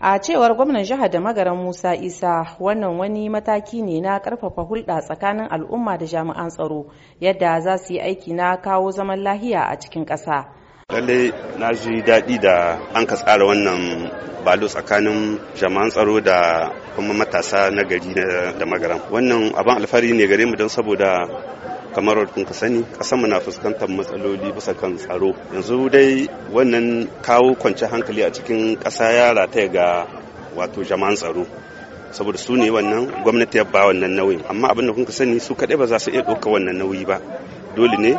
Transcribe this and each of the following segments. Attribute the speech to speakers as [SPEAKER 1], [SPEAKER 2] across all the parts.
[SPEAKER 1] a cewar gwamnan jihar da magaran musa isa wannan wani mataki ne na karfafa hulɗa tsakanin al'umma da jami'an tsaro yadda za su yi aiki na kawo zaman lahiya a cikin ƙasa
[SPEAKER 2] lallai na ji daɗi da an ka tsara wannan balo tsakanin jama'an tsaro da kuma matasa na gari da magaran wannan abin alfahari ne gare mu don saboda kamar kun ka sani kasanmu na fuskantar matsaloli bisa kan tsaro yanzu dai wannan kawo kwanci hankali a cikin ƙasa ya rataya ga wato jama'an tsaro saboda su ne wannan gwamnati ya ba wannan nauyin amma abin da kun sani su kaɗai ba za su iya ɗauka wannan nauyi ba dole ne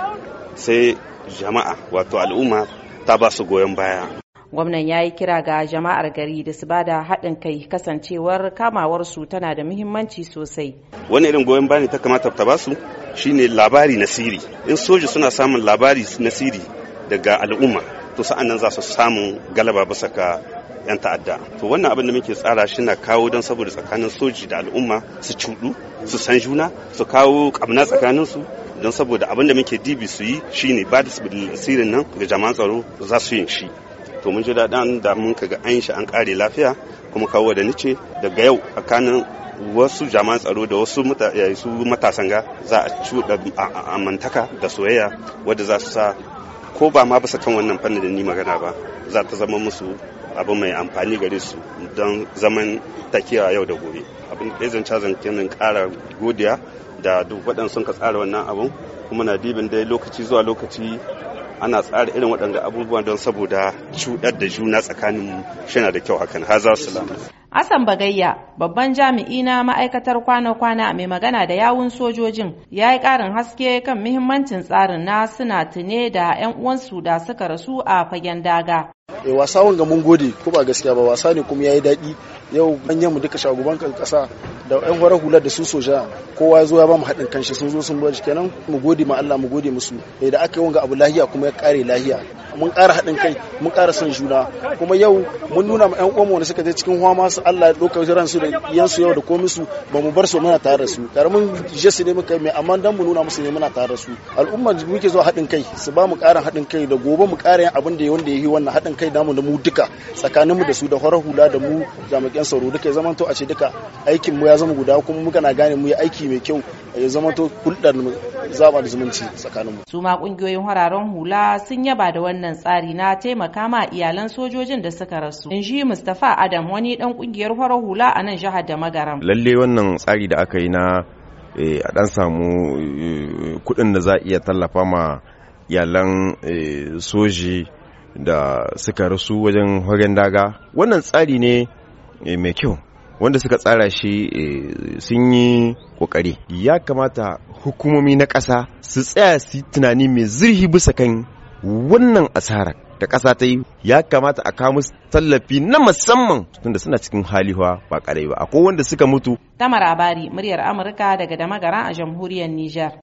[SPEAKER 2] sai jama'a wato al'umma ta ba su goyon baya
[SPEAKER 1] gwamnan ya yi kira ga jama'ar gari da su bada haɗin kai kasancewar kamawarsu tana da muhimmanci sosai
[SPEAKER 2] wani irin goyon bani ta kamata ta basu shine labari na siri in soji suna samun labari na siri daga al'umma to sa'an nan za su samu galaba bisa ka 'yan ta'adda to wannan abin da muke tsara shi na kawo don saboda tsakanin soji da al'umma su cuɗu su san juna su kawo ƙamna tsakaninsu don saboda abin da muke dibi su yi shine ba da sirrin nan ga jama'an tsaro za su yin shi to mun ji daɗin da mun kaga an shi an ƙare lafiya kuma kawo da nice daga yau tsakanin wasu jaman tsaro da wasu eh, su matasan ga za a cuɗa amantaka da soyayya wadda za su sa ko ba ma bisa kan wannan fannin da ni magana ba za ta zama musu abu mai amfani gare su don zaman takiya yau da gobe abin da zan cazan kenan ƙara godiya da duk waɗansu ka tsara wannan abun kuma na dibin dai lokaci zuwa lokaci ana tsara irin waɗanda abubuwa don saboda cuɗar da juna tsakanin shi da kyau hakan haza salamu
[SPEAKER 1] Asan Bagayya babban jami'i na ma'aikatar kwana-kwana mai magana da yawun sojojin ya yi ƙarin haske kan muhimmancin tsarin na suna tune da 'yan uwansu da suka rasu a fagen daga.
[SPEAKER 3] e wasa wanga mun gode ko ba gaskiya ba wasa ne kuma yayi daɗi yau ganyen mu duka shaguban kasa da ɗan wara hular da su soja kowa ya zo ya ba mu haɗin kanshi sun zo sun bar kenan mu gode ma Allah mu gode musu eh, da aka yi wanga abu lahiya kuma ya kare lahiya mun ƙara haɗin kai mun ƙara son juna kuma yau mun nuna ma ƴan uwanmu wanda suka je cikin hwama su Allah ya ɗauka ransu da yansu yau da komai su ba mu bar su muna tare da su karamin su ne muka mai amma dan mu nuna musu ne muna tare da su al'umma muke zuwa haɗin kai su ba mu ƙarin haɗin kai da gobe mu ƙara yin abin da ya wanda ya yi wannan haɗin kai damu da mu duka tsakanin mu da su da horar hula da mu jami'an tsaro duka ya zama to a ce duka aikin mu ya zama guda kuma muka na gane mu yi aiki mai kyau ya to hulɗar zaba da zumunci tsakanin mu
[SPEAKER 1] su ma ƙungiyoyin hararen hula sun yaba da wannan wannan tsari na taimaka ma iyalan sojojin da suka rasu in ji Mustapha Adam wani dan kungiyar farar hula a nan jihar da magaram
[SPEAKER 4] lalle wannan tsari da aka yi na eh, a dan samu eh, kudin da za a iya tallafa ma iyalan eh, soji da suka rasu wajen horon daga wannan tsari ne mai kyau wanda suka tsara shi sun yi kokari ya kamata hukumomi na ƙasa su tsaya su tunani mai zurfi bisa kan wannan asarar da ƙasa ta yi ya kamata a kawo tallafi na musamman tunda suna cikin halihuwa ba ƙarai ba akwai wanda suka mutu.
[SPEAKER 1] Tamar Abari, muryar Amurka daga Damagara a jamhuriyar Nijar.